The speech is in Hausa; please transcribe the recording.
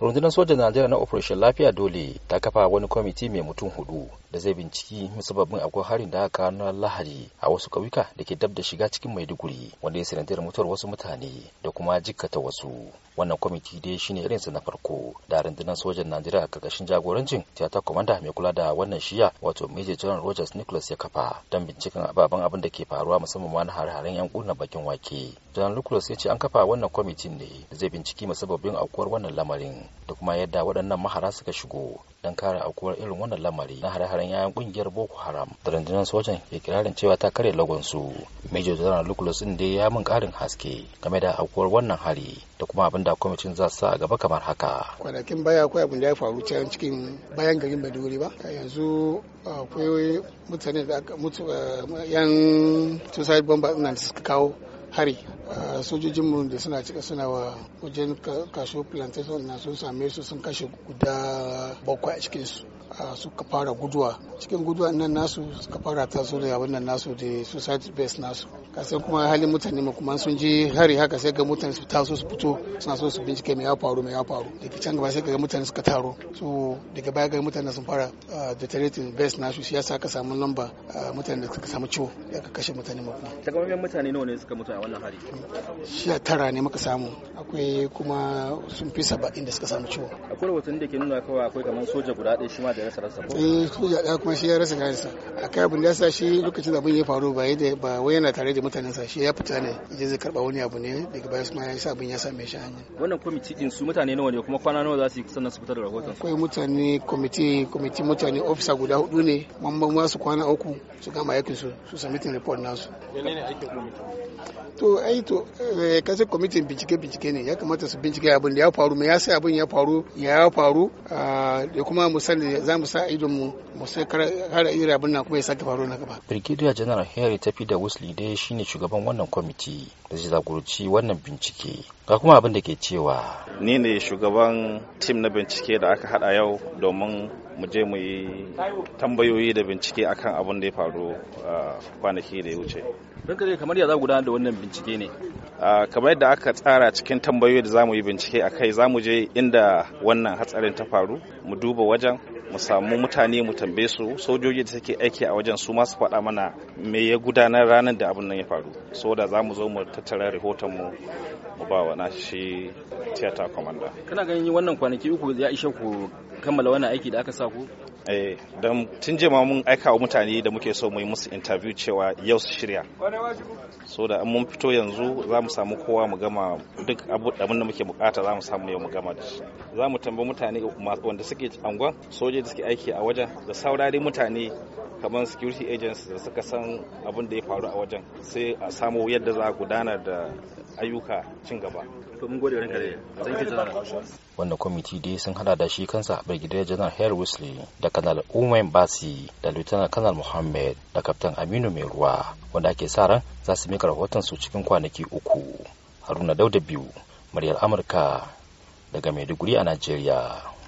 rundunar sojan najeriya na operation lafiya dole ta kafa wani kwamiti mai mutum hudu da zai binciki musabbabin akwai harin da aka na lahadi a wasu ƙauyuka da ke dab da shiga cikin maiduguri wanda ya sanadiyar mutuwar wasu mutane da kuma jikkata wasu wannan kwamiti dai shine irinsa na farko da rundunar sojan najeriya ƙarƙashin jagorancin tiyata kwamanda mai kula da wannan shiya wato major general rogers nicholas ya kafa don binciken ababen abin da ke faruwa musamman ma na hare-haren yan kunna bakin wake general nicholas ya ce an kafa wannan kwamitin ne da zai binciki masababin aukuwar wannan lamarin da kuma yadda waɗannan mahara suka shigo don kare aukuwar irin wannan lamari na hare-haren yayan kungiyar boko haram da rundunar sojan ke kirarin cewa ta karya su. major general nicholas din dai ya min karin haske game da aukuwar wannan hari da kuma abin da kwamitin za su a gaba kamar haka kwanakin baya akwai abin da ya faru can cikin bayan garin Baduri ba yanzu akwai mutane da aka mutu eh, yan suicide bomber nan suka kawo hari sojojin mu da suna cika suna wa wajen kasuwar plantation na sun same su sun kashe guda bakwai a cikinsu suka fara guduwa cikin guduwa nan nasu suka fara taso da yawon nan nasu da society base nasu kasai kuma halin mutane ma kuma sun ji hari haka sai ga mutane su taso su fito suna so su bincike me ya faru me ya faru daga can gaba sai ga mutane suka taro su daga baya ga mutane sun fara deteriorating base nasu shi yasa aka samu lamba mutane da suka samu ciwo da kashe mutane ma kuma takamaiman mutane nawa ne suka mutu a wannan hari shi tara ne muka samu akwai kuma sun fi saba'in da suka samu ciwo akwai rahotanni da ke nuna kawai akwai kamar soja guda ɗaya shi ma da rasa rasa ko eh kuma shi ya rasa kansa akai abin da sa shi lokacin abin ya faru ba yadda ba wai yana tare da mutanen sa shi ya fita ne je zai karba wani abu ne daga baya kuma ya sa abin ya same shi hanya wannan kwamiti din su mutane nawa ne kuma kwana nawa za su yi sannan su fitar da rahoton akwai mutane kwamiti kwamiti mutane ofisa guda hudu ne mamban wasu kwana uku su gama aikin su su submitin report nasu menene aikin kwamiti to ai to eh, kasar kwamitin bincike bincike ne ya kamata su bincike abin da ya faru me ya sai abin ya faru ya faru ah, da kuma mu sani za mu sa idon mu mu sai kara iri abin nan kuma ya sake faru na gaba. Brigadier General tafi da Wesley dai shine shugaban wannan kwamiti da zai zagurci wannan bincike. Ga kuma abin da ke cewa. Ni ne shugaban tim na bincike da aka hada yau domin mu je mu yi tambayoyi da bincike akan abin da ya faru kwanaki da ya wuce. Don kamar ya za gudanar da wannan bincike ne? kamar yadda aka tsara cikin tambayoyi da za mu yi bincike a kai za mu je inda wannan hatsarin ta faru mu duba wajen mu samu mutane mu tambaye su sojoji da suke aiki a wajen su masu faɗa mana me ya gudanar ranar da abin nan ya faru saboda za mu zo mu tattara rahoton mu mu ba wa shi tiyata commander kana ganin wannan kwanaki uku ya ishe ku kammala wannan aiki da aka sa ku Eh, don tun jima mun aika wa mutane da muke so mu yi musu interview cewa yau su shirya. So da mun fito yanzu za mu samu kowa mu gama duk abin da muke bukata za mu samu yau mu gama da shi. Za mu tambayi mutane wanda suke angon soje da suke aiki a wajen da saurari mutane kamar security agents da suka san abin da ya faru a wajen sai a samu yadda za a gudanar da ayyuka cin gaba. Wannan kwamiti dai sun hada da shi kansa Brigadier janar Harry Wesley da Kanal Umar Basi da Lieutenant Kanal Muhammad da Kaftan Aminu Mai Ruwa wanda ake sa ran za su mika rahoton su cikin kwanaki uku. Haruna Dauda biyu, muryar Amurka daga Maiduguri a Najeriya.